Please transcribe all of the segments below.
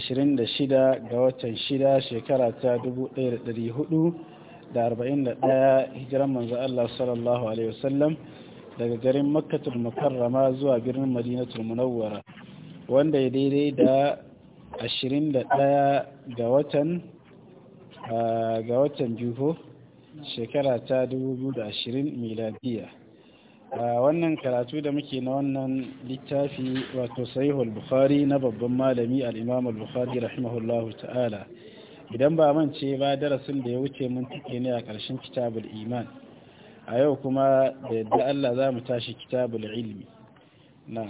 26 ga watan 6 shekara ta 1441 hijiran manzo Allah sallallahu alaihi wasallam daga garin makkatul mukarrama zuwa birnin madinatul munawwara wanda ya daidai da 21 ga watan ah, ga watan biyu shekara ta 2020 miladiyya wannan karatu da muke na wannan littafi wato sahihul bukhari na babban malami al-imam al-bukhari rahimahullahu ta'ala idan ba mance ba darasin da ya wuce mun take ne a ƙarshen kitabul iman a yau kuma da yadda Allah za mu tashi kitabul ilmi na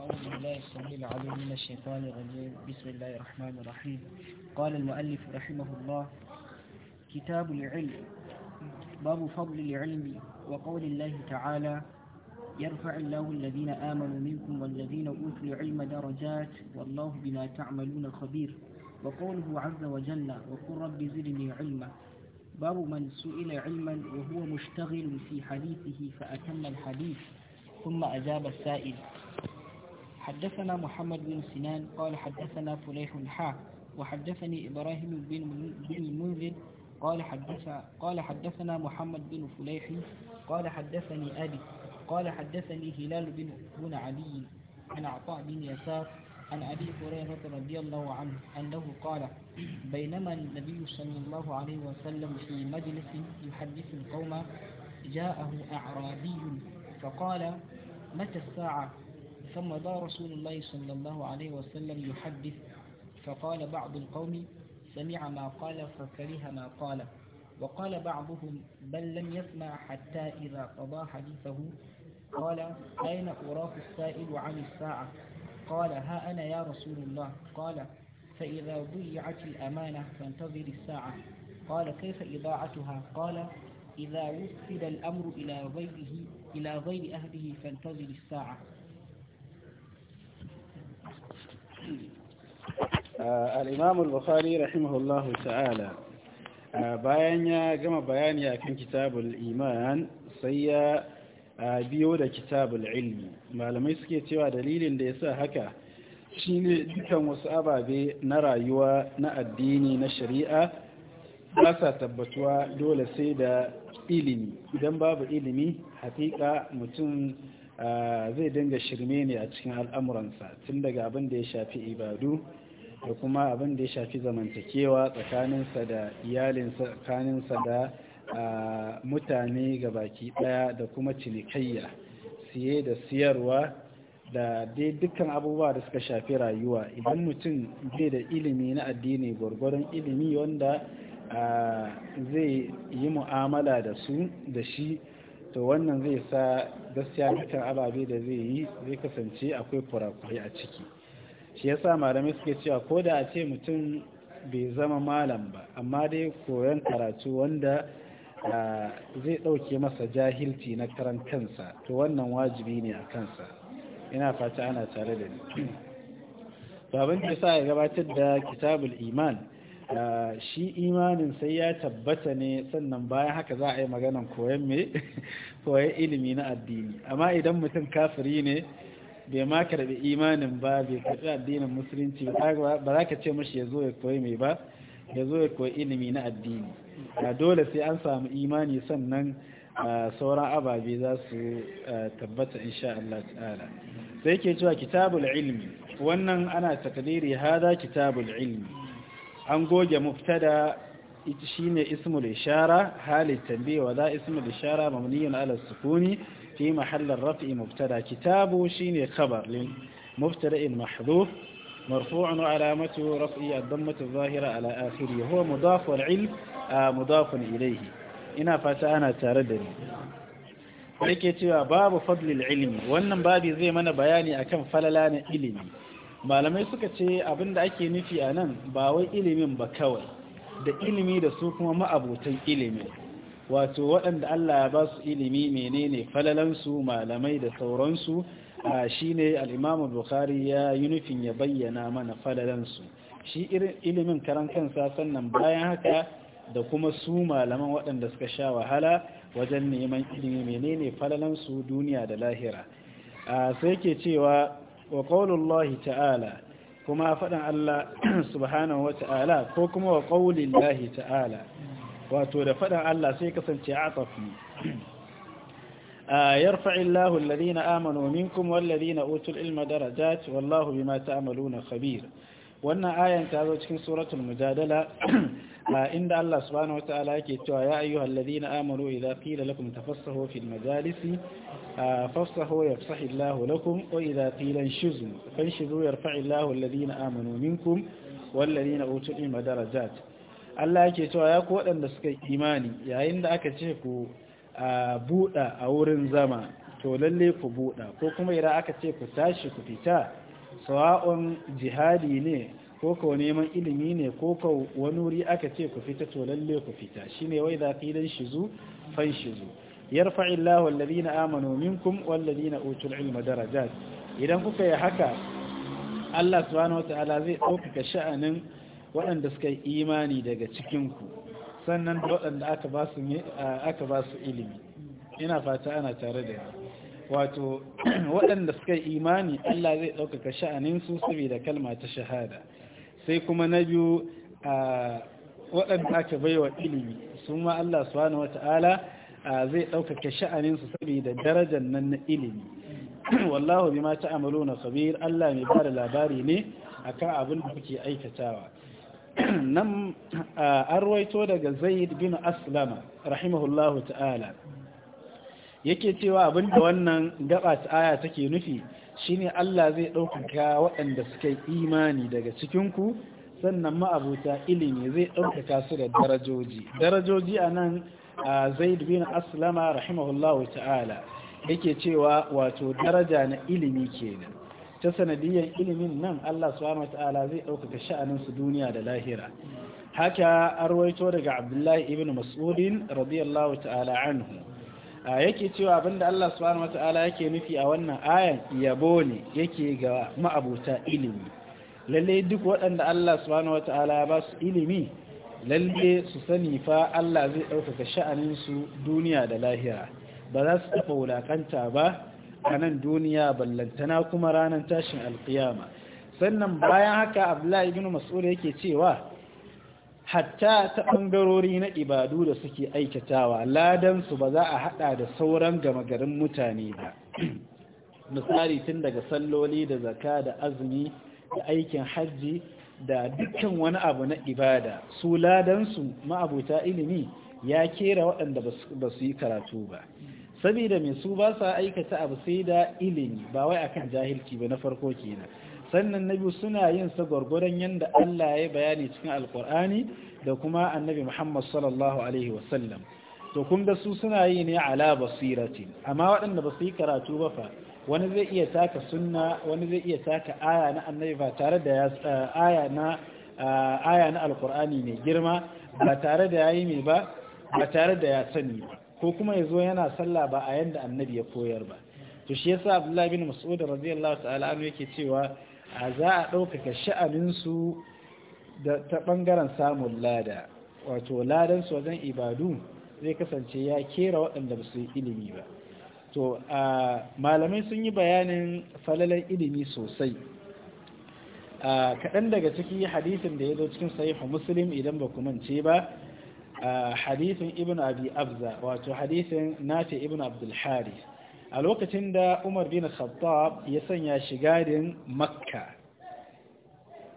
أعوذ بالله السميع العليم من الشيطان الرجيم بسم الله الرحمن الرحيم قال المؤلف رحمه الله كتاب العلم باب فضل العلم وقول الله تعالى يرفع الله الذين آمنوا منكم والذين أوتوا العلم درجات والله بما تعملون خبير وقوله عز وجل وقل رب زدني علما باب من سئل علما وهو مشتغل في حديثه فأتم الحديث ثم أجاب السائل حدثنا محمد بن سنان قال حدثنا فليح حا وحدثني إبراهيم بن المنذر قال حدث قال حدثنا محمد بن فليح قال حدثني أبي قال حدثني هلال بن بن علي عن عطاء بن يسار عن أبي هريرة رضي الله عنه أنه قال بينما النبي صلى الله عليه وسلم في مجلس يحدث القوم جاءه أعرابي فقال متى الساعة فمضى رسول الله صلى الله عليه وسلم يحدث فقال بعض القوم سمع ما قال فكره ما قال وقال بعضهم بل لم يسمع حتى إذا قضى حديثه قال أين أراك السائل عن الساعة قال ها أنا يا رسول الله قال فإذا ضيعت الأمانة فانتظر الساعة قال كيف إضاعتها قال إذا وصل الأمر إلى غيره إلى غير أهله فانتظر الساعة al'imam al-bukhari rahimahullahu ta'ala bayan ya gama bayani a kan kitabul iman sai ya biyo da kitabul ilmi malamai suke cewa dalilin da ya sa haka shine dukan wasu ababe na rayuwa na addini na shari'a ba sa tabbatuwa dole sai da ilimi idan babu ilimi hakika mutum zai dinga shirme ne a cikin al'amuransa tun daga abin da ya shafi ibadu da kuma abin da ya shafi zamantakewa tsakaninsa da iyalinsa tsakaninsa da mutane ga baki daya da kuma cinikayya siye da siyarwa da dai dukkan abubuwa da suka shafi rayuwa idan mutum bai da ilimi na addini gwargwaron ilimi wanda zai yi mu'amala da su da shi to wannan zai sa gaskiya dukkan ababe da zai yi zai kasance akwai kurakurai a ciki shi yasa malamai suke cewa ko da a ce mutum bai zama malam ba amma dai koyon karatu wanda zai ɗauke masa jahilci na karan kansa to wannan wajibi ne a kansa ina fata ana tare da ni babin da sa ya gabatar da kitabul iman shi imanin sai ya tabbata ne sannan bayan haka za a yi maganan koyon mai koyon ilimi na addini amma idan mutum kafiri ne bai ma karbi imanin ba bai karbi addinin musulunci ba za ka ce mashi ya zo ya koyi mai ba ya zo ya koyi ilimi na addini a dole sai an samu imani sannan sauran ababe za su tabbata insha Allah ta'ala sai ke cewa kitabul ilmi wannan ana takdiri hada kitabul ilmi an goge muftada shine ismul ishara halin tambaye wa za ismul ishara mabniyun ala sukuni في محل الرفع مبتدا كتاب شين خبر للمبتدا محذوف مرفوع علامته رفعه الضمة الظاهرة على آخره هو مضاف والعلم مضاف إليه ina fata ana tare da ni yake cewa babu fadlil ilimi wannan babi zai mana bayani akan falala na ilimi malamai suka ce abinda ake nufi a nan ba wai ilimin ba kawai da ilimi da su kuma ma'abutan ilimi wato waɗanda Allah ya ba su ilimi menene falalansu malamai da sauransu shi ne al'imamu bukari ya yi nufin ya bayyana mana falalansu shi ilimin karan kansa sannan bayan haka da kuma su malaman waɗanda suka sha wahala wajen neman ilimi menene falalansu duniya da lahira sai ke cewa wa ƙaunullahi ta'ala kuma faɗin Allah subhanahu wa ta'ala ko kuma wa ƙaunin ta'ala wato da faɗin Allah sai kasance a tsafi a ah, yarfa’in lahun lalina amano minkum wallalina otul ilma da rajat wallahu bi mata amalu na khabir wannan ayan ta zo cikin suratul mujadala a ah, inda Allah subhanahu wa ta’ala ke cewa ya ayyuhu allazina amanu idza qila lakum tafassahu fil majalisi ah, fafsahu yafsahu Allah lakum wa idza qila inshuzu fanshuzu yarfa'illahu allazina amanu minkum utul ilma darajat Allah yake cewa ya ku waɗanda suka imani yayin da aka ce ku buɗa a wurin zama to lalle ku buɗa ko kuma idan aka ce ku tashi ku fita sawa'un jihadi ne ko ka neman ilimi ne ko ka wani wuri aka ce ku fita to lalle ku fita shine wai za qilan shizu fan shizu yarfa'i Allahu alladhina amanu minkum walladhina utul ilma darajat idan kuka yi haka Allah subhanahu wataala zai ɗaukaka sha'anin waɗanda suka yi imani daga cikinku sannan waɗanda aka ba su ilimi ina fata ana tare da wato waɗanda suka yi imani Allah zai ɗaukaka sha'aninsu saboda kalma ta shahada sai kuma na biyu waɗanda aka baiwa ilimi su ma Allah subhanahu wata'ala zai ɗaukaka sha'aninsu saboda darajar nan na ilimi wallahu bima na khabir Allah mai bada labari ne akan abin da kuke aikatawa nan an ruwaito daga zaid bin aslama rahimahullahu ta'ala yake cewa abinda wannan gaba ta aya take nufi shine Allah zai ɗaukaka waɗanda suka yi imani daga cikinku sannan ma'abuta ilimi zai ɗaukaka su da darajoji darajoji a zaid bin aslama rahimahullahu ta'ala yake cewa wato daraja na ilimi kenan ta sanadiyyar ilimin nan Allah subhanahu wataala zai ɗaukaka sha'anin su duniya da lahira haka arwaito daga abdullahi ibn mas'udin radiyallahu ta'ala anhu yake cewa abinda Allah subhanahu wataala yake nufi a wannan ayan yabo ne yake ga ma'abuta ilimi lalle duk waɗanda Allah subhanahu wataala ba su ilimi lalle su sani fa Allah zai ɗaukaka sha'anin su duniya da lahira ba za su taɓa wulaƙanta ba a nan duniya ballantana kuma ranar tashin alkiyama sannan bayan haka abdullahi ibn mas'ud yake cewa hatta ta ɓangarori na ibadu da suke aikatawa ladansu ba za a haɗa da sauran gama garin mutane ba misali tun daga salloli da zaka da azumi da aikin hajji da dukkan wani abu na ibada su ladansu ma'abuta ilimi ya kera waɗanda ba su yi karatu ba saboda mai su ba sa aikata abu sai da ilimi ba wai akan jahilci ba na farko kenan sannan nabi suna yin sa gurgurdan yanda Allah ya bayani cikin alkur'ani da kuma annabi Muhammad sallallahu alaihi wasallam to kun da su suna yi ne ala basirati amma waɗanda ba su yi karatu ba fa wani zai iya taka sunna wani zai iya taka aya na annabi ba tare da eh, aya na eh, aya na alkur'ani mai girma ba tare da yayi ne ba ba tare da ya sani ba ko kuma ya zo yana sallah ba a yadda annabi ya koyar ba to shi yasa abdullahi bin mas'ud radiyallahu ta'ala an yake cewa a za a ɗaukaka sha'anin su da ta bangaren samun lada wato ladan su wajen ibadu zai kasance ya kera waɗanda ba su yi ilimi ba to malamai sun yi bayanin falalan ilimi sosai a kaɗan daga ciki hadisin da ya zo cikin sahihu muslim idan ba ku mance ba hadisin ibn abi abza wato hadisin nafi ibn abdul haris a lokacin da umar bin khattab ya sanya shigarin makka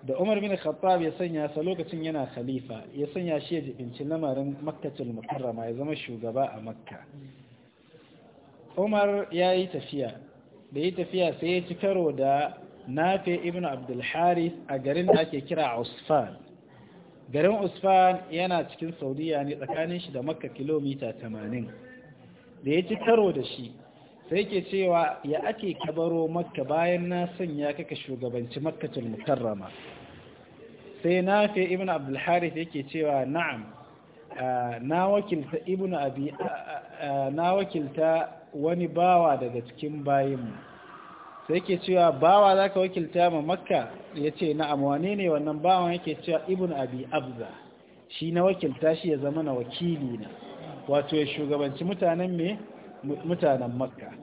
da umar bin khattab ya sanya sa lokacin yana khalifa ya sanya shi ya jibincin lamarin makkatul mukarrama ya zama shugaba a makka umar ya yi tafiya da yi tafiya sai ya ci karo da nafi ibn abdul haris a garin da ake kira usfan garin usfan yana cikin saudiya ne tsakanin shi da makka kilomita 80 da ya ci karo da shi sai ke cewa ya ake kabaro makka bayan na sanya kaka shugabanci makkatul mukarrama sai na fi ibn abdulharif yake cewa na'am na wakilta na wakilta wani bawa daga cikin bayinmu sai ke cewa bawa za ka wakilta ma makka ya ce na'am wane ne wannan bawan yake cewa ibn abi abza shi na wakilta shi ya zama na wakili na wato ya shugabanci mutanen me mutanen makka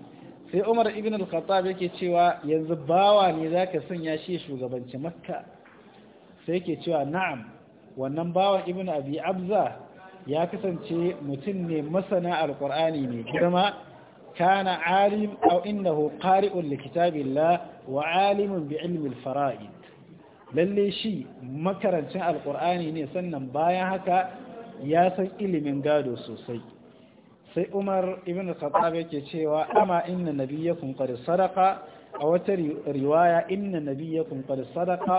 sai umar ibn al-khattab yake cewa yanzu bawa ne za ka sanya shi ya shugabanci makka sai yake cewa na'am wannan bawan ibn abi abza ya kasance mutum ne masana alkur'ani ne girma كان عالم أو إنه قارئ wa الله وعالم بعلم الفرائد lalle shi makarancin alkur'ani ne sannan bayan haka ya san ilimin gado sosai sai umar ibn khattab yake cewa amma inna nabiyyakum qad sadaqa a wata riwaya inna nabiyyakum qad sadaqa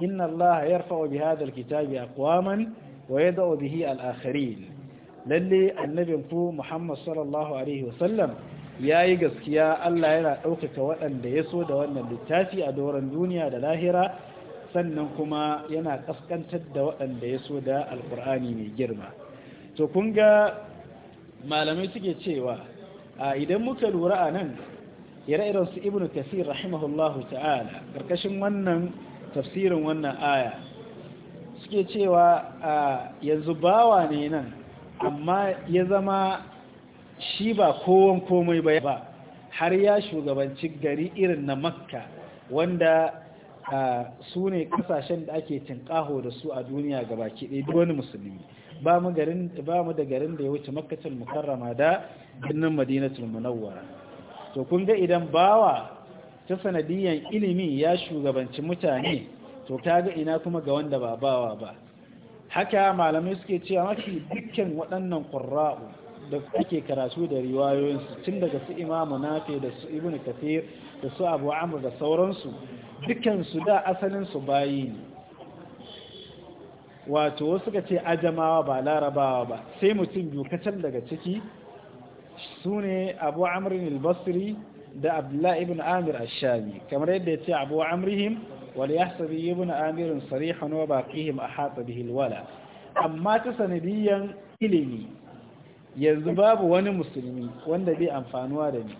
inna allaha yarfa'u bi hadha alkitabi aqwaman wa yad'u bihi al-akharin lalle annabinku muhammad sallallahu alaihi wasallam ya yi gaskiya Allah yana ɗaukaka waɗanda ya so da wannan littafi a doron duniya da lahira sannan kuma yana ƙaskantar da waɗanda ya so da alƙur'ani mai girma to kun ga malamai suke cewa a idan muka lura a nan ire-iren su Ibn kasir rahimahullahu ta'ala ƙarƙashin wannan tafsirin wannan aya suke cewa a yanzu bawa ne nan amma ya zama shi ba kowan komai ba har ya shugabanci gari irin na makka wanda su ne kasashen da ake tinkaho da su a duniya ga baki ɗaya wani musulmi ba mu da garin da ya wuce makkatul mukarrama da birnin madinatul munawwara to kun ga idan bawa ta sanadiyan ilimi ya shugabanci mutane to ta ga ina kuma ga wanda ba bawa ba haka malamai suke cewa mafi dukkan waɗannan ƙurra'u da ake karatu da riwayoyinsu tun daga su imamu nafe da su ibn kafir da su abu amur da sauransu dukansu da asalinsu bayi ne wato wasu ka ce ajamawa ba larabawa ba sai mutum biyu kacal daga ciki su ne abu amurin al da abdullahi ibn amir ashami kamar yadda ya ce abu wani ya yahsabi ibn amirin sarihan wa baqihim a hatsa bihilwala amma ta sanadiyyan ilimi yanzu babu wani musulmi wanda bai amfanuwa da ni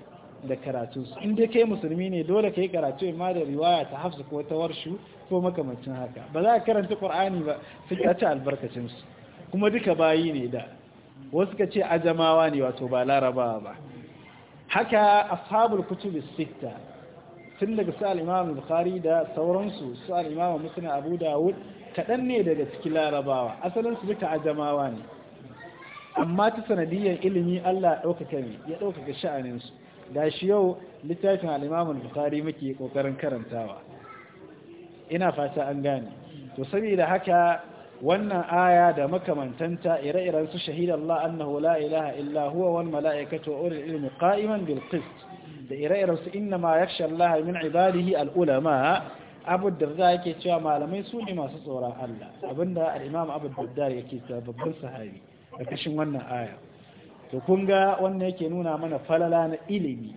da karatunsu in dai kai musulmi ne dole ka yi karatu ma da riwaya ta hafsa ko ta warshu ko makamancin haka ba za ka karanta ƙur'ani ba su ci albarkacinsu kuma duka bayi ne da wasu ka ce ajamawa ne wato ba larabawa ba haka ashabul kutub sita tun daga su al'imamu bukhari da sauransu su al'imamu musulun abu dawud kaɗan ne daga cikin larabawa asalinsu duka ajamawa ne amma ta sanadiyyar ilimi Allah ya ɗaukaka ne ya ɗaukaka sha'aninsu da shi yau littafin al'imamun bukari muke ƙoƙarin karantawa ina fata an gane to saboda haka wannan aya da makamantanta ire-iren su shahid Allah annahu la ilaha illa huwa wal mala'ikatu wa ulul ilmi qa'iman bil qist da ire-iren su inna ma yakhsha Allah min ibadihi al ulama Abu Darda yake cewa malamai su ne masu tsoron Allah abinda al-Imam Abu Darda yake cewa babban sahabi kashin wannan aya to kun ga wannan yake nuna mana falala na ilimi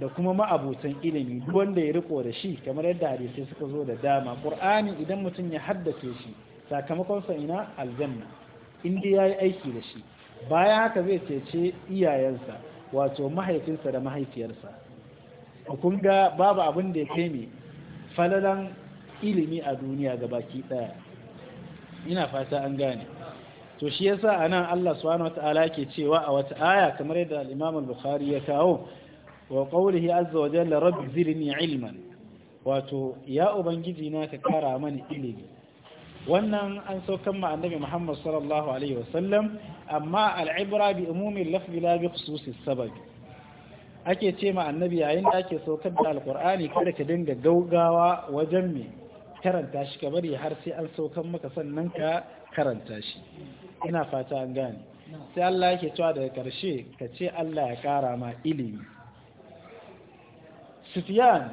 da kuma ma'abutan ilimi duk wanda ya riko da shi kamar yadda hadisai suka zo da dama qur'ani idan mutum ya haddace shi sakamakon sa ina aljanna in dai yayi aiki da shi baya haka zai cece iyayensa wato mahaifinsa da mahaifiyarsa kun ga babu abin da ya kai ne falalan ilimi a duniya ga baki daya ina fata an gane to shi yasa anan Allah subhanahu wataala ke cewa a wata aya kamar yadda al-Imam al-Bukhari ya kawo wa qawlihi azza wa jalla rabbi zidni ilman wato ya ubangiji na ka kara mani ilimi wannan an saukan ma annabi Muhammad sallallahu alaihi wasallam amma al-ibra bi umumi lafzi la bi khususi sabab ake ce ma annabi yayin da ake saukar da alkur'ani kada ka dinga gaugawa wajen me karanta shi ka bari har sai an saukar maka sannan ka karanta shi ina fata an gani sai Allah yake cewa daga karshe ka ce Allah ya kara ma ilimi Sufyan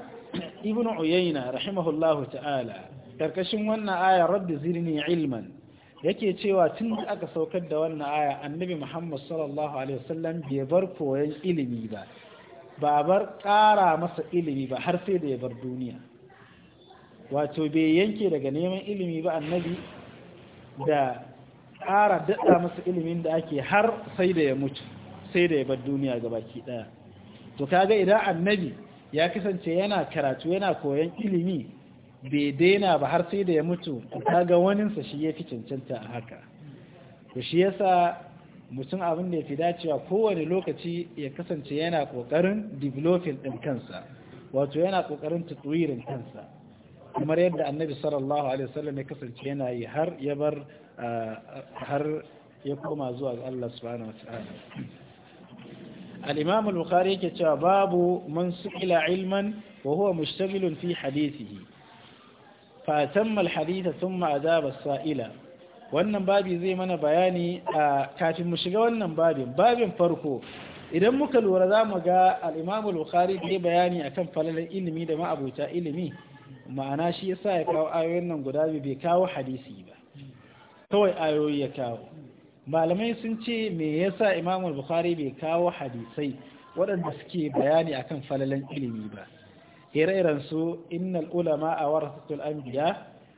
ibn Uyayna rahimahullahu ta'ala karkashin wannan aya rabbi zirni ilman yake cewa tun da aka saukar da wannan aya annabi Muhammad sallallahu alaihi wasallam bai bar koyon ilimi ba ba bar ƙara masa ilimi ba har sai da ya bar duniya wato bai yanke daga neman ilimi ba annabi da ƙara daɗa masa ilimin da ake har sai da ya mutu sai da ya bar duniya ga baki ɗaya to kaga idan annabi ya kasance yana karatu yana koyon ilimi bai daina ba har sai da ya mutu kaga waninsa shi ya fi cancanta a haka to shi yasa mutum abin da ya fi dacewa kowane lokaci ya kasance yana ƙoƙarin developing ɗin kansa wato yana ƙoƙarin tutuwirin kansa kamar yadda annabi sallallahu alaihi wasallam ya kasance yana yi har ya bar ah, har ya koma zuwa ga Allah subhanahu wataala al-imam al-bukhari yake cewa babu man su'ila ilman wa huwa mushtaghilun fi hadithihi fa tamma al-haditha thumma adaba as-sa'ila wannan babi zai mana bayani ah, kafin mu shiga wannan babin babin farko idan muka lura za mu ga al-imam al-bukhari bayani akan falalar ilimi da ma'abuta ilimi ma'ana shi yasa ya kawo ayoyin nan guda biyu bai kawo hadisi ba kawai ayoyi ya kawo malamai sun ce me yasa imamul bukhari bai kawo hadisai waɗanda suke bayani akan falalan ilimi ba ire-iren su innal ulama a warasatul anbiya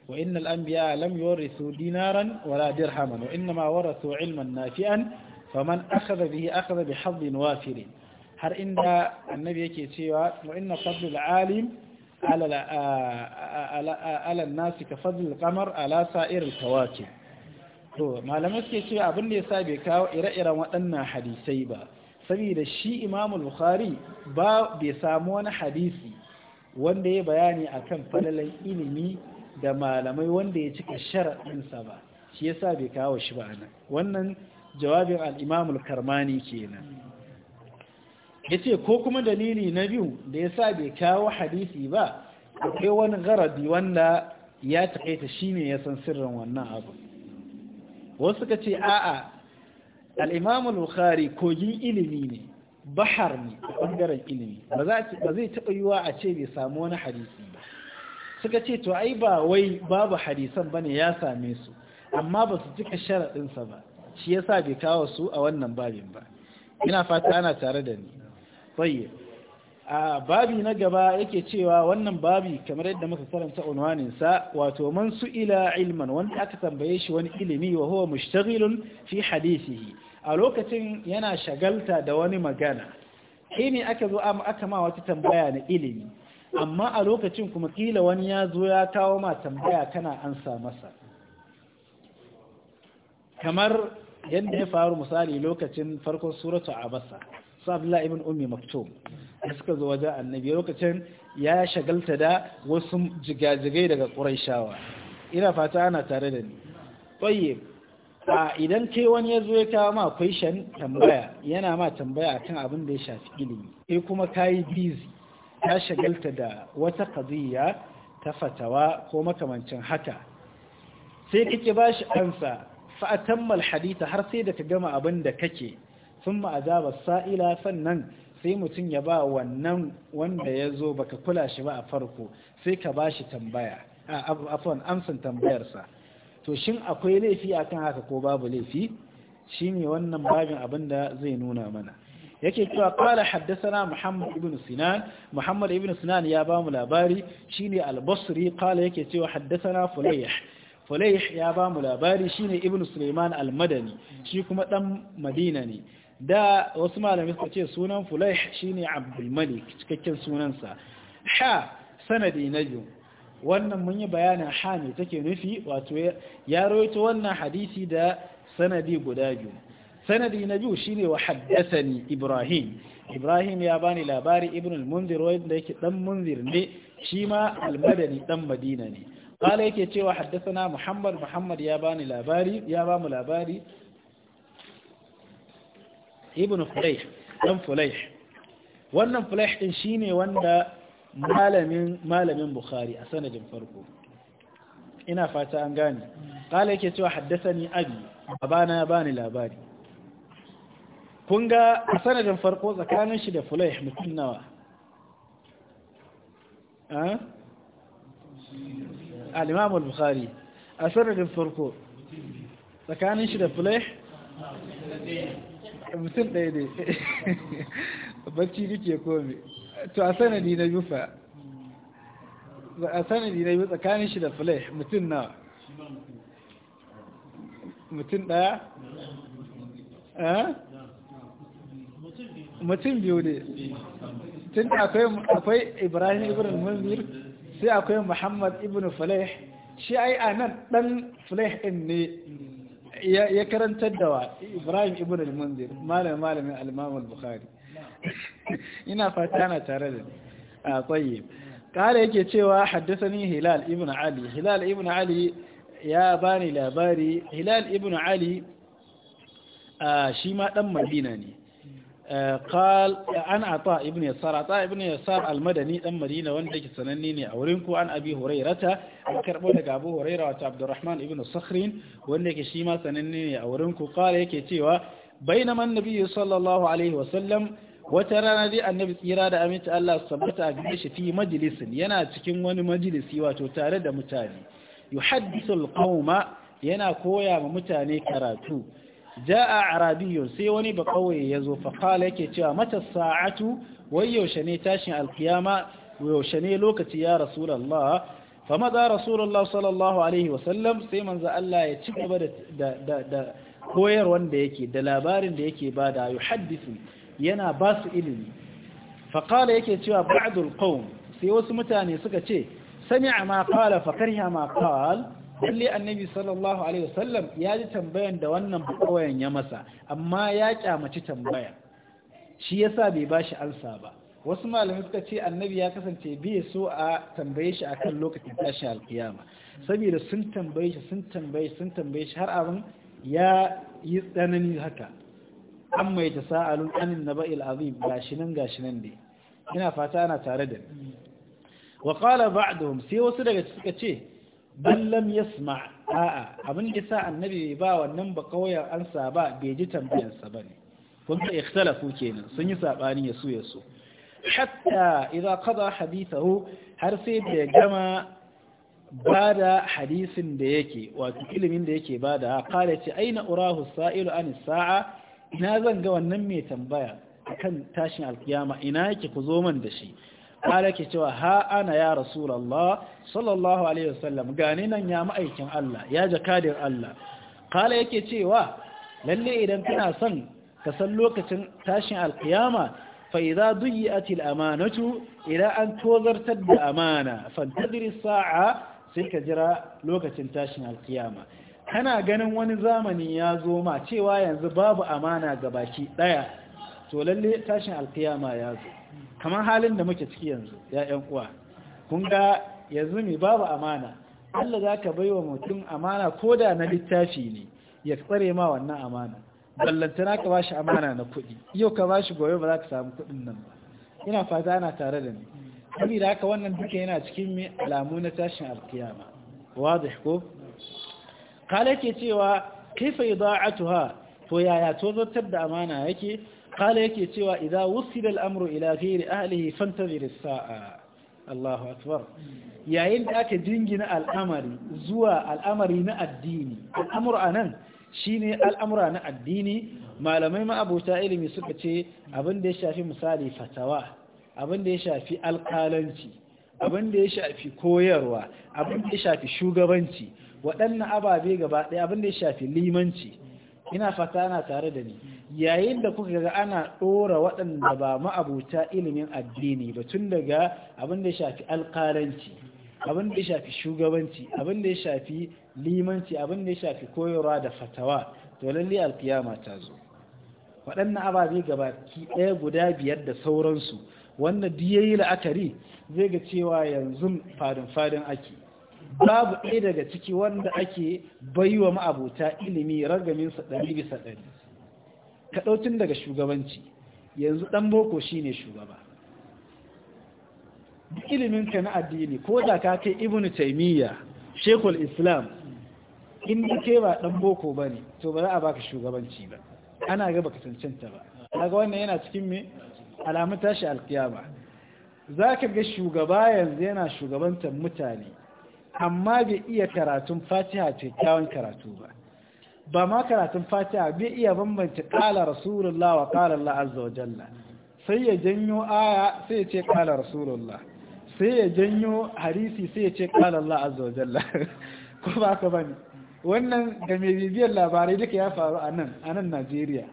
wa innal anbiya lam yurisu dinaran wala dirhaman wa innama warasu ilman nafi'an faman akhadha bihi akhadha bi hadin wafirin har inda annabi yake cewa wa inna fadlul alim ala nasi ka fadlil kamar ala irin kawakib to malamai suke cewa abin da yasa bai kawo ire-iren waɗannan hadisai ba saboda shi imamul Bukhari ba bai samu wani hadisi wanda ya bayani akan falalan ilimi da malamai wanda ya cika sharaɗinsa ba shi yasa bai kawo shi ba nan wannan jawabin al karmani kenan yace ko kuma dalili na biyu da yasa bai kawo hadisi ba akwai wani garabi wanda ya taƙaita shine ya san sirrin wannan abu wasu suka ce a'a al-Imam kogin ilimi ne bahar ne a bangaren ilimi ba zai taɓa yiwa a ce bai samu wani hadisi ba suka ce to ai ba wai babu hadisan ba ne ya same su amma ba su cika sharaɗinsa ba shi yasa bai kawo su a wannan babin ba ina fata ana tare da ni tsaye babi na gaba yake cewa wannan babi kamar yadda muka karanta sa wato man su'ila ilman wanda aka tambaye shi wani ilimi wa huwa mushtaghilun fi hadisihi a lokacin yana shagalta da wani magana ne aka zo aka ma wata tambaya na ilimi amma a lokacin kuma kila wani ya zo ya kawo ma tambaya kana ansa masa kamar yadda ya faru misali lokacin farkon suratu abasa su abdullahi ibn ummi maktum da suka zo wajen annabi lokacin ya shagalta da wasu jigajigai daga ƙuraishawa ina fata ana tare da ni tsaye a idan kai wani ya zo ya kawo ma shan tambaya yana ma tambaya akan abin da ya shafi ilimi e kuma ka yi ya shagalta da wata kadiyya ta fatawa ko makamancin haka sai kike ba shi ansa fa'atammal hadita har sai da ka gama abin da kake sun ma'azaba sa'ila sannan sai mutum ya ba wannan wanda ya zo baka kula shi ba a farko sai ka ba shi tambaya afon amsan tambayarsa to shin akwai laifi akan haka ko babu laifi ne wannan babin abin da zai nuna mana yake cewa qala haddathana muhammad ibn sinan muhammad ibn sinan ya ba mu labari shi ne Albasri, qala yake cewa haddathana fulayh fulayh ya ba mu labari shine ibn Suleiman Almadani, shi kuma dan madina ne da wasu malamai suka ce sunan fulayh shine abdulmalik cikakken sunansa ha sanadi na biyu wannan mun yi bayanin ha ne take nufi wato ya rawaito wannan hadisi da sanadi guda biyu sanadi na biyu shine wa haddathani ibrahim ibrahim ya bani labari ibn al-munzir wanda yake dan munzir ne shi ma al-madani dan madina ne qala yake cewa haddathana muhammad muhammad ya bani labari ya ba mu labari ibn fulaih dan fulaih wannan fulaih din shine wanda malamin malamin bukhari a sanadin farko ina fata an gane qala yake cewa haddathani abi abana ya bani labari kun ga a sanadin farko tsakanin shi da fulaih mutum nawa al-imam al-bukhari a sanadin farko tsakanin shi da fulaih. mutum ɗaya ne bacci nike kome to a sanadi na yufa a sanadi na yufa tsakanin shi da fulai mutum na mutum ɗaya? Eh? mutum biyu ne tun akwai ibrahim ibn munzir sai akwai muhammad ibn fulai shi ai a nan ɗan fulai ɗin ne ya karantar da wa Ibrahim ibn al-Munzir malamin malamin al-Imam al-Bukhari ina fata ana tare da ni a tayyib kare yake cewa haddathani Hilal ibn Ali Hilal ibn Ali ya bani labari Hilal ibn Ali shi ma dan Madina ne قال عن عطاء ابن يسار عطاء ابن يسار المدني دان مدينة وانده سنني ني اورينكو عن ابي هريرة كربو daga ابو هريرة وعطا عبد الرحمن ابن الصخرين وانده شي ما سنني ني اورينكو قال yake cewa بينما النبي صلى الله عليه وسلم وترانا دي annabi tsira da aminci Allah sabbata a gare shi fi majalisin yana cikin wani majalisi wato tare da mutane yuhaddithul qauma yana koya ma mutane karatu ja'a arabiyyun sai wani ba kawai ya fa qala yake cewa mata sa'atu wai yaushe ne tashin alkiyama yaushe ne lokaci ya rasulallah fa maza rasulallah sallallahu alaihi wasallam sai manzo Allah ya ci gaba da da da koyar wanda yake da labarin da yake bada yuhaddisu yana ba su ilimi fakala yake cewa ba'dul qawm sai wasu mutane suka ce sami'a ma qala fa kariha ma qala lalle annabi sallallahu alaihi wasallam ya ji tambayan da wannan bukawayan ya masa amma ya kyamaci tambaya shi yasa bai bashi ansa ba wasu malamai suka ce annabi ya kasance bai so a tambaye shi akan lokacin tashi alkiyama saboda sun tambaye shi sun tambaye sun tambaye shi har abin ya yi tsanani haka an mai ta sa'alun anin naba'il azim gashi nan gashi nan dai ina fata ana tare da ni wa qala ba'dhum sai wasu daga suka Ballam lam yasma a'a abin da sa annabi ba wannan ba kauyar ansa ba bai ji tambayar sa bane kun ta ikhtalafu kenan sun yi sabani ya so ya so hatta idza qada hadithahu har sai da gama bada hadisin da yake wato ilimin da yake bada kare ce aina urahu sa'ilu an sa'a ina zan ga wannan mai tambaya akan tashin alkiyama ina yake ku zo man da shi kala ke cewa ha ana ya rasulullah sallallahu alaihi wasallam gani nan ya ma'aikin Allah ya jakadin Allah kala yake cewa lalle idan kana son ka san lokacin tashin alkiyama fa idza duyyat al-amanatu idan an tozartar da amana fantadri sa'a sai ka jira lokacin tashin alkiyama kana ganin wani zamani ya zo ma cewa yanzu babu amana ga baki daya to lalle tashin alkiyama ya zo kamar halin da muke ciki yanzu ya ya'yan uwa kun ga yanzu mai babu amana Allah za ka bai wa mutum amana ko da na littafi ne ya tsare ma wannan amana na ka bashi amana na kuɗi yau ka bashi gobe ba za ka samu kuɗin nan ba ina fata ana tare da ni saboda haka wannan duka yana cikin mai alamu na tashin alkiyama wadih ko kala ke cewa kaifa idaa'atuha to yaya tozartar da amana yake kala yake cewa idan wusida al-amru ila ghairi ahlihi fantazir as-sa'a Allahu akbar yayin da aka jingina al'amari zuwa al'amari na addini al'amru anan shine al'amura na addini malamai abota ilimi suka ce abin da ya shafi misali fatawa abin da ya shafi alƙalanci abin da ya shafi koyarwa abin da ya shafi shugabanci waɗannan ababe gaba ɗaya abin da ya shafi limanci ina fata ana tare da ni yayin da kuka ga ana ɗora waɗanda ba ma'abuta ilimin addini ba tun daga abin da ya shafi alƙalanci abin da ya shafi shugabanci abin da ya shafi limanci abin da ya shafi koyarwa da fatawa to lalle alkiyama ta zo waɗannan ababe gaba ki ɗaya guda biyar da sauransu wanda duk yayi la'akari zai ga cewa yanzu fadin fadin ake babu ɗaya daga ciki wanda ake baiwa ma'abota ilimi ragamin sa ɗari bisa ɗari kaɗaucin daga shugabanci yanzu ɗan boko ne shugaba ilimin ka na addini ko da ka kai Ibn taimiyya shekul islam in ke ba ɗan boko ba ne to ba za a baka shugabanci ba ana ga baka ba daga wannan yana cikin me alamun tashi alkiyama za ka ga shugaba yanzu yana shugabantar mutane amma bai iya karatun fatiha kyakkyawan karatu ba ba ma karatun fatiha bai iya bambanci kala rasulullah wa kala Allah azza wa jalla sai ya janyo aya sai ya ce kala rasulullah sai ya janyo harisi sai ya ce kala Allah azza wa jalla ko ba ka bani wannan da mai bibiyar labarai duka ya faru a nan a nan Najeriya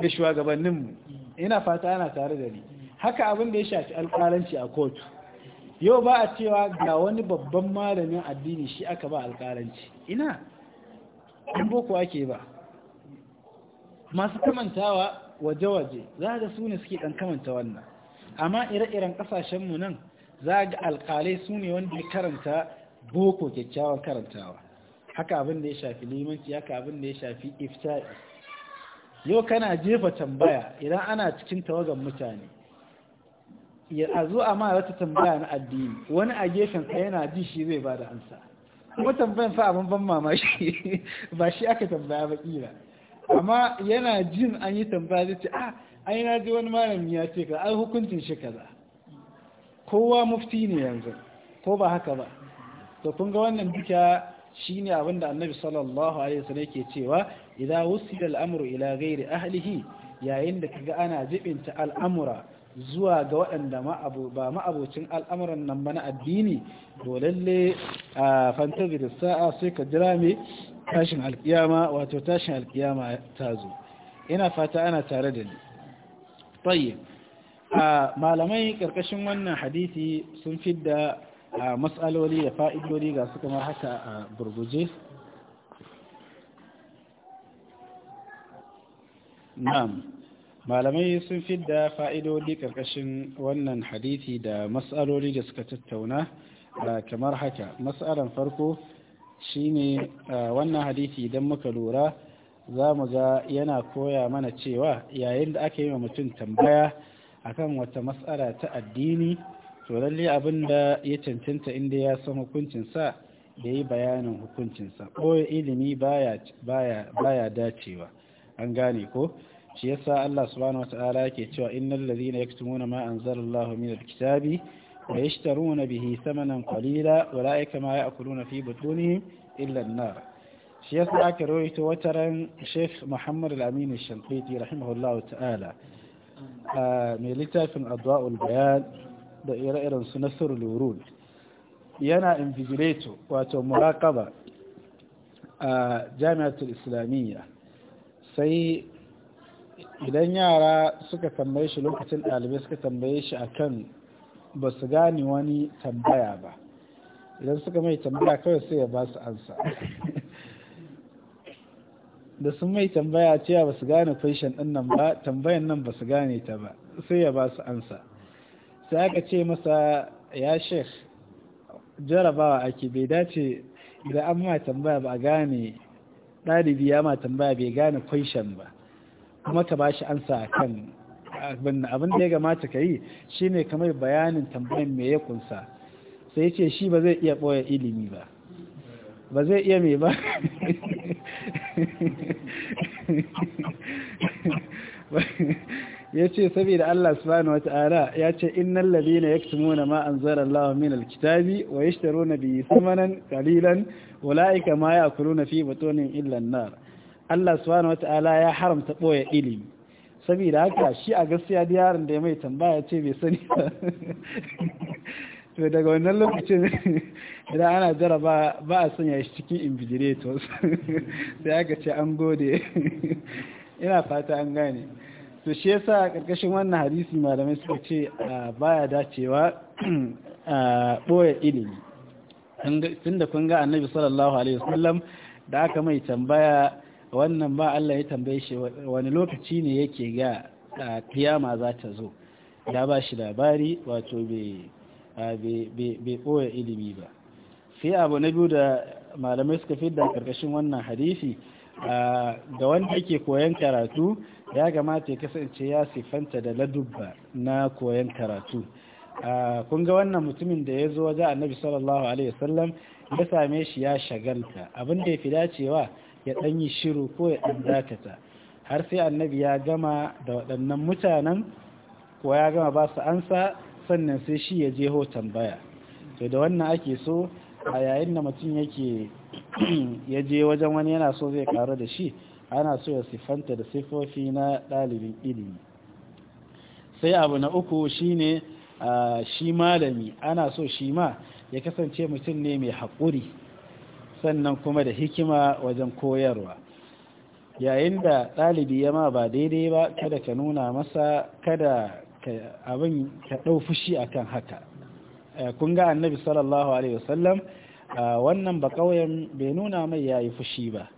ga shugabanninmu ina fata ana tare da ni haka abin da ya shafi alƙalanci a kotu yau ba a cewa ga wani babban malamin addini shi aka ba alƙalanci ina in boko ake ba masu kamantawa waje-waje za ga su ne suke ɗan kamanta wannan amma ire-iren ƙasashenmu nan za ga alƙalai su ne wanda ya karanta boko kyakkyawar karantawa haka abin da ya shafi limanci haka abin da ya shafi ifta'i yau kana jefa tambaya idan ana cikin tawagan mutane a zo a ma wata tambaya na addini wani a gefen ka yana ji shi zai ba da amsa kuma tambayan fa abin ban mamaki ba shi aka tambaya ba kila amma yana jin an yi tambaya zai ce ah ai na ji wani malami ya ce ka ai hukuncin shi kaza kowa mufti ne yanzu ko ba haka ba to kun ga wannan duka shine abin da annabi sallallahu alaihi wasallam yake cewa idza wusila al-amru ila ghairi ahlihi yayin da kaga ana jibinta al'amura zuwa ga waɗanda ba ma'abocin al'amuran nan ba na addini ko lalle a fantabi da sa'a sai ka jira mai tashin alkiyama wato tashin alkiyama ta zo ina fata ana tare da ni tsaye a malamai ƙarƙashin wannan hadisi sun fidda matsaloli da fa'idori ga su kamar haka a burguje na'am malamai sun fi da fa'idodi ƙarƙashin wannan hadisi da matsaloli da suka tattauna kamar haka matsalan farko shine wannan hadisi idan muka lura za mu ga yana koya mana cewa yayin da aka yi wa mutum tambaya akan wata matsala ta addini to lalle abin da ya cancanta inda ya san hukuncinsa da yi bayanin hukuncinsa ko ilimi baya dacewa an gane ko shi yasa Allah subhanahu wataala yake cewa innal ladhina yaktumuna ma anzalallahu min alkitabi wa yashtaruna bihi thamanan qalila ulaika ma ya'kuluna fi butunihim illa an-nar shi yasa aka rawaito wataran Sheikh Muhammad al-Amin al-Shanqiti rahimahullahu ta'ala mai littafin Adwa'ul Bayan da ire-iren su Nasrul Urul yana invigilator wato muraqaba a Jami'atul Islamiyya sai idan yara suka tambaye shi lokacin dalibai suka tambaye shi akan ba su gane wani tambaya ba idan suka mai tambaya kawai sai ya ba su ansa da sun mai tambaya cewa ba su gane kwanshin din nan ba tambayan nan ba su gane ta ba sai ya ba su ansa sai aka ce masa ya sheikh jarabawa ake bai dace idan an ma tambaya ba a gane ɗalibi ya ma tambaya bai gane kwanshin ba kuma ta bashi ansa kan abin da ya gamata ka yi shine kamar bayanin tambayan me ya kunsa sai ya ce shi ba zai iya ɓoye ilimi ba ba zai iya me ba ya ce saboda Allah subhanahu wa ta'ala ya ce innal ladina yaktumuna ma anzara Allah min alkitabi wa yashtaruna bi thamanan qalilan ulaika ma ya'kuluna fi butunihim illa an-nar Allah subhanahu wata'ala ya haramta boye ilimi saboda haka shi a gaskiya da yaron da ya mai tambaya ce bai sani ba to daga wannan lokacin idan ana jaraba ba a sanya shi cikin invigilators sai aka ce an gode ina fata an gane to shi yasa a ƙarƙashin wannan hadisi malamai suka ce baya dacewa ɓoye ilimi tun da kun ga annabi sallallahu alaihi wasallam da aka mai tambaya wannan ba Allah ya tambaye shi wani lokaci ne yake ga kiyama za ta zo ya ba shi labari wato bai ɓoye ilimi ba sai abu na biyu da malamai suka fi da karkashin wannan hadisi da wanda yake koyon karatu ya kamata ya kasance ya siffanta da ladubba na koyon karatu kun ga wannan mutumin da ya zo waje annabi sallallahu alaihi wasallam ya same shi ya shagalta abin da ya fi dacewa ya ɗan yi shiru ko ya ɗan dakata har sai annabi ya gama da waɗannan mutanen ko ya gama ba su ansa sannan sai shi ya je ho tambaya to da wannan ake so a yayin da mutum yake ya je wajen wani yana so zai karu da shi ana so ya siffanta da siffofi na ɗalibin ilimi sai abu na uku shine shi malami ana so shi ma ya kasance mutum ne mai haƙuri sannan kuma da hikima wajen koyarwa yayin da ɗalibi ya ma ba daidai ba kada ka nuna masa kada abin ka ɗau fushi akan haka eh, kun ga annabi sallallahu alaihi wasallam wannan ba ƙauyen bai nuna mai ya yi fushi ba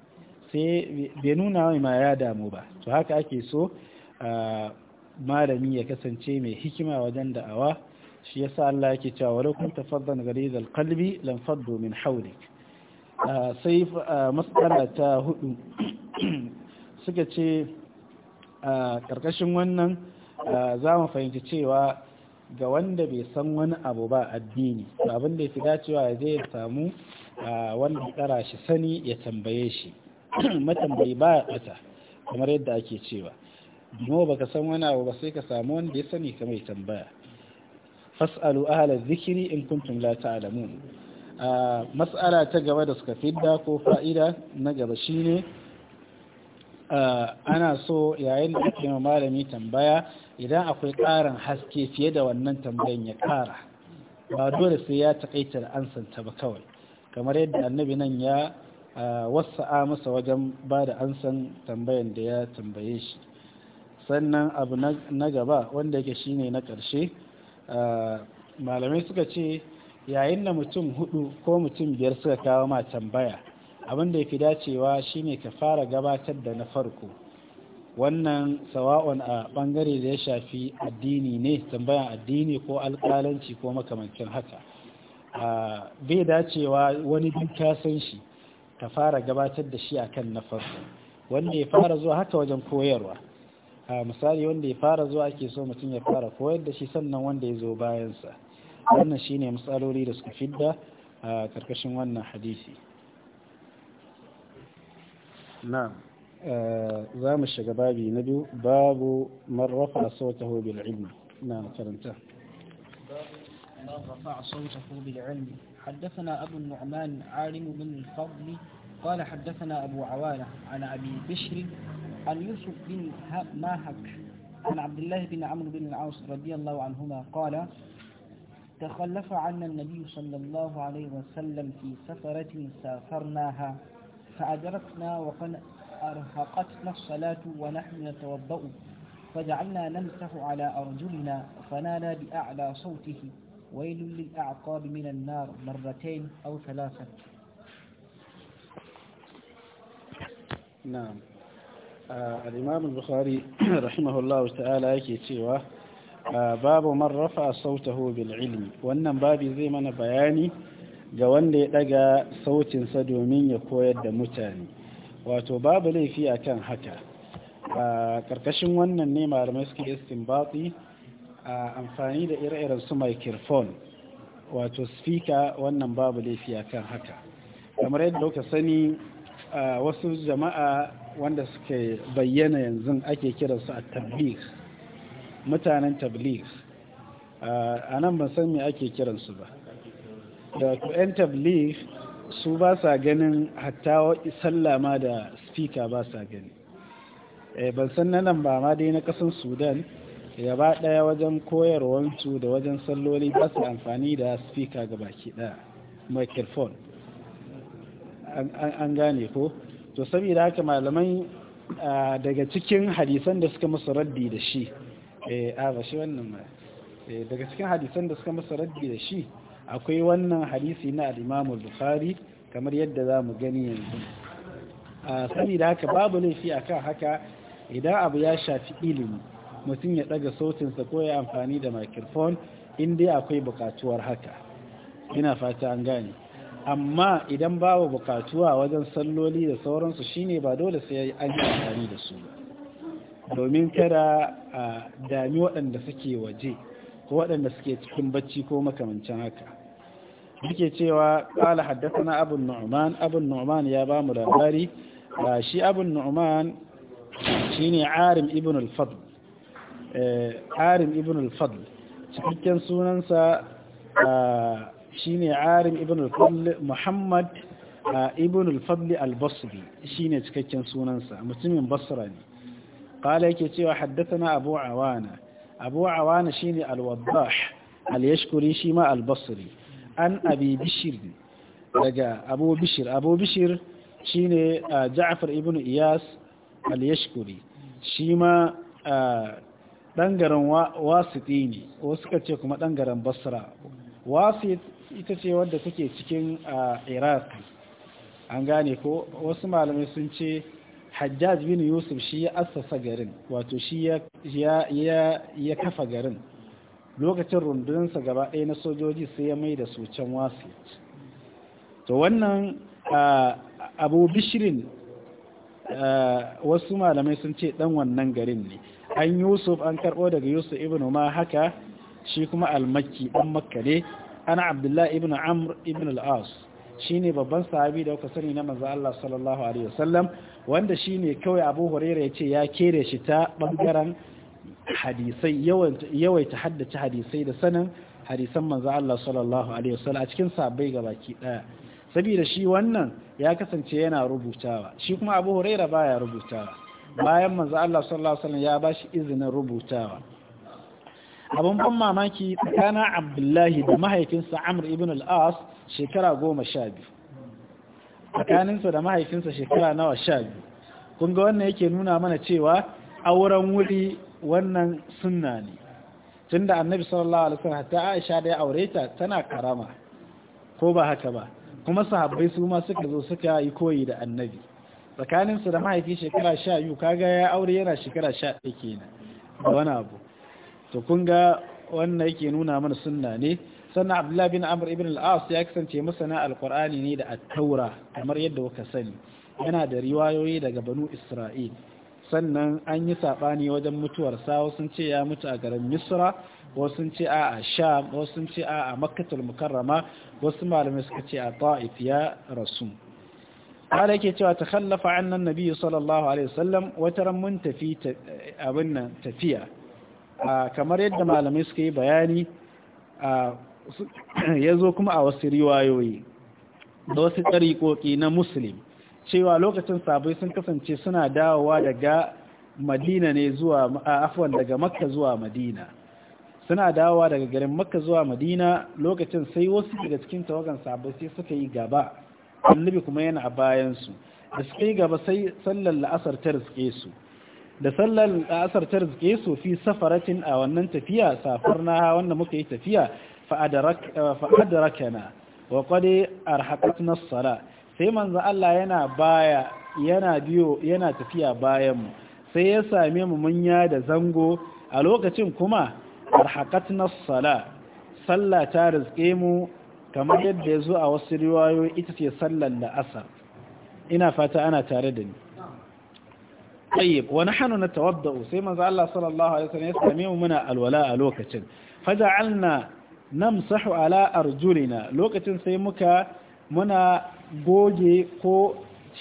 sai bai nuna mai ma ya damu ba to haka ake so malami ya kasance mai hikima wajen da'awa shi ya sa Allah yake cewa walau kun tafaddan gari da kalbi lamfaddo min haulik sai matsala ta hudu suka ce a ƙarƙashin wannan za mu fahimci cewa ga wanda bai san wani abu ba addini abin da ya fi dacewa ya je ya samu wanda tsara shi sani ya tambaye shi matambayi ba ya bata kamar yadda ake cewa ba baka san wani abu ba sai ka samu wanda ya sani kamar ya tambaya fas'alu ahla dhikri in kuntum la ta'lamun matsala ta gaba da suka fidda ko fa'ida na gaba shine ana so yayin da ake malami tambaya idan akwai ƙarin haske fiye da wannan tambayan ya ƙara ba dole sai ya taƙaita da ansanta ba kawai kamar yadda annabi nan ya wasa'a masa wajen ba da ansan tambayan da ya tambaye shi sannan abu na gaba wanda yake shine na ƙarshe malamai suka ce yayin da mutum hudu ko mutum biyar suka kawo ma tambaya abin da ya fi dacewa shine ka fara gabatar da na farko wannan sawa'on a bangare da ya shafi addini ne tambayan addini ko alƙalanci ko makamancin haka bai dacewa wani duk san shi ka fara gabatar da shi akan na farko wanda ya fara zuwa haka wajen koyarwa misali wanda ya fara zuwa ake so mutum ya fara koyar da shi sannan wanda ya zo bayansa wannan shine matsaloli da suka fidda a karkashin wannan hadisi na'am eh, za mu shiga babi na biyu babu marrafa sautahu bil ilmi na karanta من رفع صوته بالعلم حدثنا أبو النعمان عالم من الفضل قال حدثنا أبو عوانة عن أبي بشر عن يوسف بن ماهك عن عبد الله بن عمرو بن العاص رضي الله عنهما قال تخلف عنا النبي صلى الله عليه وسلم في سفرة سافرناها فأدركنا وقد أرهقتنا الصلاة ونحن نتوضأ فجعلنا نمسح على أرجلنا فنالا بأعلى صوته ويل للأعقاب من النار مرتين أو ثلاثا نعم آه، الإمام البخاري رحمه الله تعالى يكي سواه babu man rafa sautahu bil ilmi wannan babi zai mana bayani ga wanda ya daga sautinsa domin ya koyar da mutane wato babu laifi akan haka a karkashin wannan ne malamai suke istinbati a amfani da ire-iren su microphone wato speaker wannan babu laifi akan haka kamar yadda kuka sani wasu jama'a wanda suke bayyana yanzu ake kiransu a tabbis mutanen tablis a nan ban san me ake kiransu ba da ku 'yan tabligh su ba sa ganin hatta sallah ma da speaker ba sa gani eh, ban san na nan ba ma dai na kasan sudan gaba daya wajen koyarwansu da wajen salloli ba su amfani da speaker ga baki daya microphone an gane ko to saboda haka malamai daga cikin hadisan da suka musu raddi da shi eh ba shi wannan ba eh, daga cikin hadisan da suka masa raddi da shi akwai wannan hadisi na al imamu bukhari kamar yadda za mu gani yanzu a sani da haka babu laifi akan haka idan abu ya shafi ilimi mutum ya daga sautinsa ko ya amfani da microphone in dai akwai bukatuwar haka ina fata an gane amma idan babu bukatuwa wajen salloli da sauransu shine ba dole sai an yi amfani da su ba domin kada a dami waɗanda suke waje ko waɗanda suke cikin bacci ko makamancin haka yake cewa ƙala haddasa na abin nu'man abin nu'man ya ba mu labari shi abin nu'man shi ne arim ibn al-fadl eh, arim ibn al-fadl cikakken sunansa shi ne arim ibn al-fadl muhammad ibn al-fadl al-basri shi ne cikakken sunansa mutumin basra ne قال يكي تيوى حدثنا أبو عوانة أبو عوانة شيني الوضاح اليشكري شيما البصري عن أبي بشر لقى أبو بشر أبو بشر شيني جعفر ابن إياس اليشكري شيما ɗangaren wasiti ne wasu ka ce kuma ɗangaren basra wasit ita ce wadda take cikin iraq an gane ko wasu malamai sun ce hajjaj bin yusuf shi ya assasa garin wato shi ya kafa garin lokacin rundunansa gaba ɗaya na sojoji sai ya mai da su can wasit to wannan abu bishirin wasu malamai sun ce dan wannan garin ne an yusuf an karɓo daga yusuf ibn ma haka shi kuma almakki ɗan makka ne ana abdullahi ibn amr ibn al-as shine babban sahabi da kuka sani na manzo Allah sallallahu alaihi wasallam wanda shine kawai Abu Hurairah yace ya kere shi ta bangaren hadisai yawaita haddace hadisai da sanin hadisan manzo Allah sallallahu alaihi wasallam a cikin sahabbai gabaki daya saboda shi wannan ya kasance yana rubutawa shi kuma Abu Hurairah baya rubutawa bayan manzo Allah sallallahu alaihi wasallam ya bashi izinin rubutawa abun ban mamaki tsakanin Abdullahi da mahaifinsa Amr ibn al-As shekara goma sha biyu tsakaninsa da mahaifinsa shekara nawa sha biyu kunga wannan yake nuna mana cewa auren wuri wannan sunna ne tun da annabi sallallahu alaihi wasallam hatta Aisha da ya aure ta tana karama ko ba haka ba kuma sahabbai su ma suka zo suka yi koyi da annabi tsakaninsa da mahaifi shekara sha biyu kaga ya aure yana shekara sha ɗaya kenan da wani abu to kunga wannan yake nuna mana sunna ne sannan abdullah bin amr ibn al-as ya kasance masana alqur'ani ne da at-taura kamar yadda kuka sani yana da riwayoyi daga banu isra'il sannan an yi sabani wajen mutuwar sa wasu ce ya mutu a garin misra wasu sun ce a sham wasu sun ce a makkatul mukarrama wasu malamai suka ce a ta'if ya rasu قال yake cewa ta khallafa annan nabi sallallahu alaihi wasallam wataran mun tafi abin nan tafiya kamar yadda malamai suka yi bayani ya zo kuma a wasu riwayoyi da wasu tsarikoki na muslim cewa lokacin sabai sun kasance suna dawowa daga madina ne zuwa afwan daga makka zuwa madina suna dawowa daga garin makka zuwa madina lokacin sai wasu daga cikin tawagan sabai sai suka yi gaba annabi kuma yana a bayansu da suka yi gaba sai sallar la'asar ta riske su da sallar la'asar ta riske su fi safaratin a wannan tafiya safar na wanda muka yi tafiya فأدرك فأدركنا وقد أرحقتنا الصلاة sai manzo Allah yana baya yana biyo yana tafiya bayan mu sai ya same mu mun ya da zango a lokacin kuma arhaqatna sala sallah ta rizke mu kamar yadda yazo a wasu riwayoyi ita ce sallar asar ina fata ana tare da ni tayyib wa nahnu natawadda sai manzo Allah sallallahu alaihi wasallam ya same mu muna alwala a lokacin faja'alna namsahu ala arjulina lokacin sai muka muna goge ko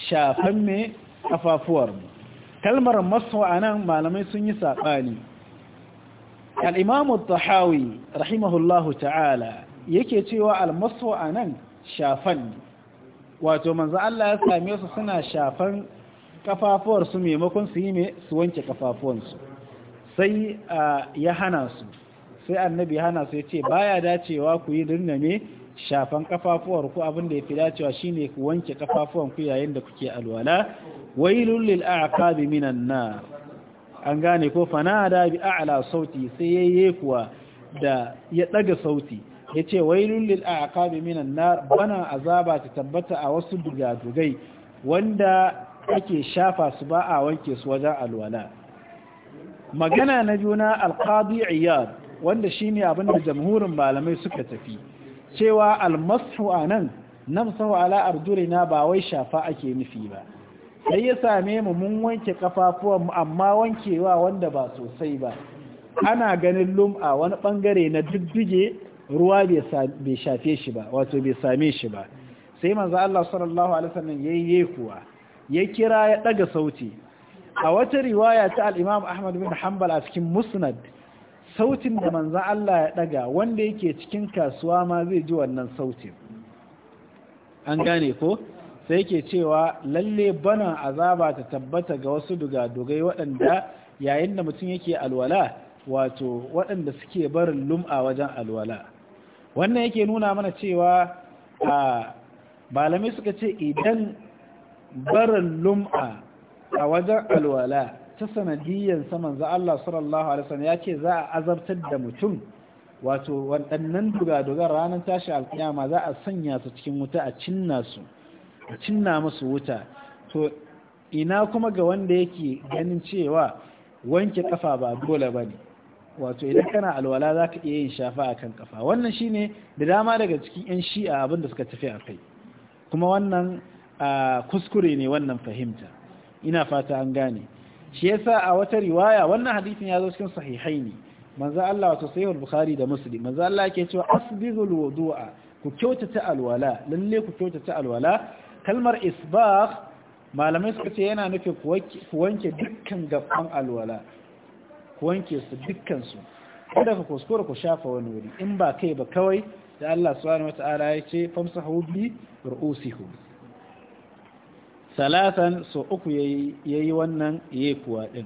shafan me mu kalmar masu anan malamai sun yi saɓani al'imamu tahawi rahimahullahu ta'ala yake cewa al-masu anan shafan wato manzo Allah ya same su suna shafan kafafuwarsu maimakon su yi mai su wanke kafafuwansu sai ah, ya hana su sai annabi hana su ya ce baya dacewa ku yi dinga shafan kafafuwar ku abin da ya fi dacewa shine ku wanke kafafuwan ku yayin da kuke alwala wailul lil a'qabi minan nar an gane ko fanada bi a'la sauti sai yayye kuwa da ya daga sauti yace wailul lil a'qabi minan nar bana azaba ta tabbata a wasu dugadugai wanda ake shafa su ba a wanke su wajen alwala magana na juna alqadi iyad wanda shi ne abin da jamhurin malamai suka tafi cewa almasu a nan namsahu ala na ba wai shafa ake nufi ba sai ya same mu mun wanke kafafuwan mu amma wankewa wanda ba sosai ba ana ganin lum'a wani bangare na dubbige ruwa bai shafe shi ba wato bai same shi ba sai manzo Allah sallallahu alaihi wasallam yayi kuwa ya kira ya daga sauti a wata riwaya ta al-Imam Ahmad bin Hanbal a cikin Musnad sautin da manzan Allah ya ɗaga wanda yake cikin kasuwa ma zai ji wannan sautin an gane ko sai yake cewa lalle bana azaba ta tabbata ga wasu dugadugai waɗanda yayin da mutum yake alwala wato waɗanda suke barin lum'a wajen alwala wannan yake nuna mana cewa a malamai suka ce idan barin lum'a a wajen alwala ta sanadiyyar saman Allah sallallahu alaihi wasallam ya ce za a azabtar da mutum wato waɗannan dugadugar ranar tashi alƙiyama za a sanya su cikin wuta a cinna su a cinna musu wuta to ina kuma ga wanda yake ganin cewa wanke kafa ba dole ba ne wato idan kana alwala za ka iya yin shafa a kan kafa wannan shine da dama daga cikin 'yan shi'a abin da suka tafi a kai kuma wannan ah, kuskure ne wannan fahimta ina fata an gane shi yasa a wata riwaya wannan hadisin ya zo cikin ne manzo Allah wato al bukhari da muslim manzo Allah yake cewa asbigul wudu'a ku kyautata alwala lalle ku kyautata alwala kalmar isbagh malamai suka ce yana nufin ku wanke dukkan gaban alwala ku wanke su dukkan su kada ku kuskura ku shafa wani wuri in ba kai ba kawai da Allah subhanahu wa ya ce famsahu bi ru'usihum talatan so uku ya yi wannan kuwa ɗin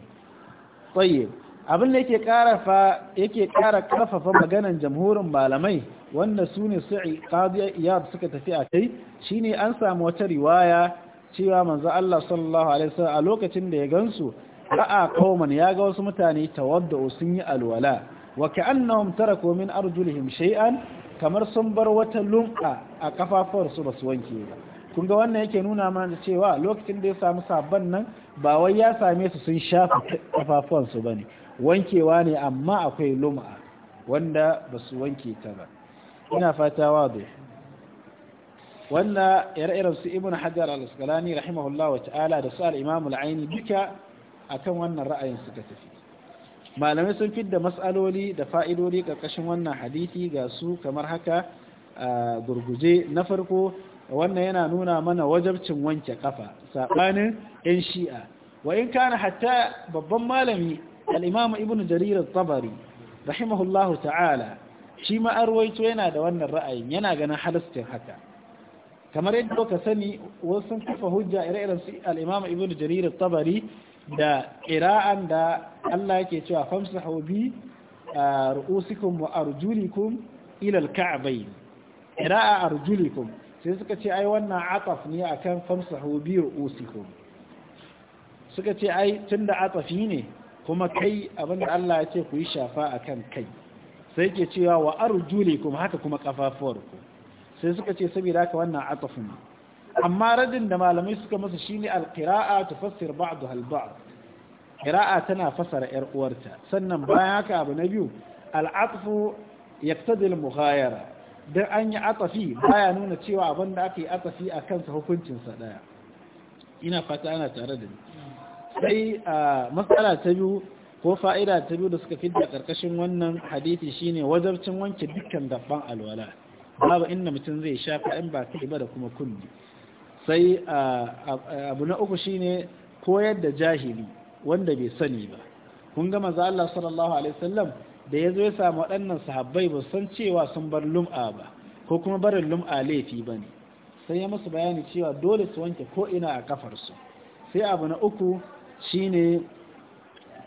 tsaye abin da yake ƙara ƙarfafa maganan jamhurin malamai wanda su ne su ƙaziyar suka tafi a kai shi ne an samu wata riwaya cewa manzo Allah sallallahu alaihi wasallam a lokacin da ya gansu ra'a kauman ya ga wasu mutane tawadda sun yi alwala wa ka'annahum taraku min arjulihim shay'an kamar sun bar wata lumka a kafafuwar su basu wanke ba kun ga wannan yake nuna mana cewa lokacin da ya samu sabon nan ba wai ya same su sun shafa kafafuwansu ba ne wankewa ne amma akwai lum'a wanda ba su wanke ta ba ina fata wa bai wanda ire-iren su ibnu hajar al-asqalani rahimahullah wa ta'ala da su al-imam al-aini duka akan wannan ra'ayin suka tafi malamai sun fidda mas'aloli da fa'idodi karkashin wannan hadisi ga su kamar haka gurguje na farko wannan yana nuna mana wajabcin wanke kafa sabanin yan shi'a wa in kana hatta babban malami al-imam ibn jarir al tabari rahimahullahu ta'ala shi ma arwaito yana da wannan ra'ayin yana ganin halastin haka kamar yadda ka sani wasu sun kafa hujja ire-iren su al-imam ibn jarir al tabari da qira'an da Allah yake cewa famsahu bi ru'usikum wa arjulikum ila al-ka'bayn qira'a arjulikum sai suka ce ai wannan aqaf ne akan famsahu bi ru'usikum suka ce ai tunda aqafi ne kuma kai abinda Allah ya ce ku yi shafa akan kai sai ke cewa wa arjulikum haka kuma kafafuwarku sai suka ce saboda haka wannan aqaf ne amma radin da malamai suka masa shine alqira'a tufassir ba'daha al qira'a tana fasara yar uwarta sannan bayan haka abu na biyu al-aqfu yaqtadi al-mughayara don an yi atafi baya nuna cewa abin da aka yi atafi a kansa hukuncinsa ɗaya ina fata ana tare da ni sai a matsala ta biyu ko fa'ida ta biyu da suka fidda karkashin wannan hadisi shine wajabcin wanke dukkan gaban alwala babu inda mutum zai shafa in ba ta ba da kuma kunni sai abu na uku shine koyar da jahili wanda bai sani ba kun ga manzo Allah sallallahu alaihi wasallam da ya zo ya samu waɗannan sahabbai ba san cewa sun bar lum'a ba ko kuma barin lum'a laifi ba ne sai ya musu bayani cewa dole su wanke ko'ina a kafarsu sai abu na uku shi ne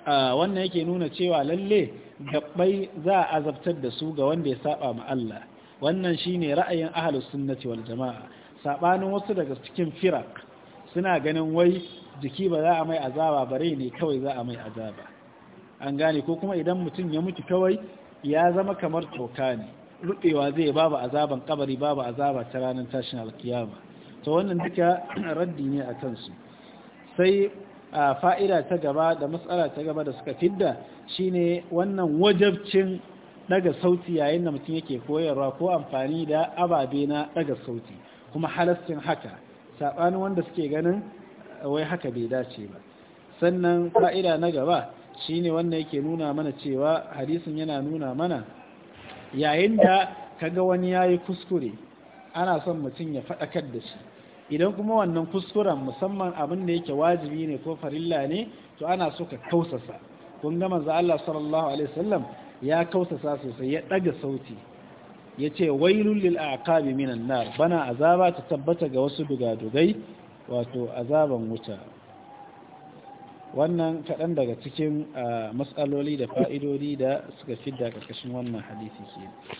wannan yake nuna cewa lalle gabbai za a azabtar da su ga wanda ya saba ma Allah wannan shi ne ra'ayin ahlus sunnati wal jamaa sabanin wasu daga cikin firak suna ganin wai jiki ba za a mai azaba bare ne kawai za a mai azaba an gane ko kuma idan mutum ya mutu kawai ya zama kamar toka ne rubewa zai babu azaban kabari babu azaba ta ranar tashin alkiyama to wannan duka raddi ne a kansu sai a fa'ida ta gaba da matsala ta gaba da suka fidda shine wannan wajabcin daga sauti yayin da mutum yake koyarwa ko amfani da ababe na daga sauti kuma halastin haka saɓanin wanda suke ganin wai haka bai dace ba sannan fa'ida na gaba Shi ne wannan yake nuna mana cewa hadisin yana nuna mana yayin da kaga wani ya yi kuskure ana son mutum ya faɗakar da shi idan kuma wannan kuskuren musamman abin da yake wajibi ne ko farilla ne to ana so ka kausasa kun ga manzo Allah sallallahu alaihi wasallam ya kausasa sosai ya ɗaga sauti yace wailul lil aqabi minan nar bana azaba ta tabbata ga wasu dugadugai wato azaban wuta wannan kaɗan daga cikin ah, matsaloli da fa'idodi da suka da ƙarƙashin wannan hadisi ke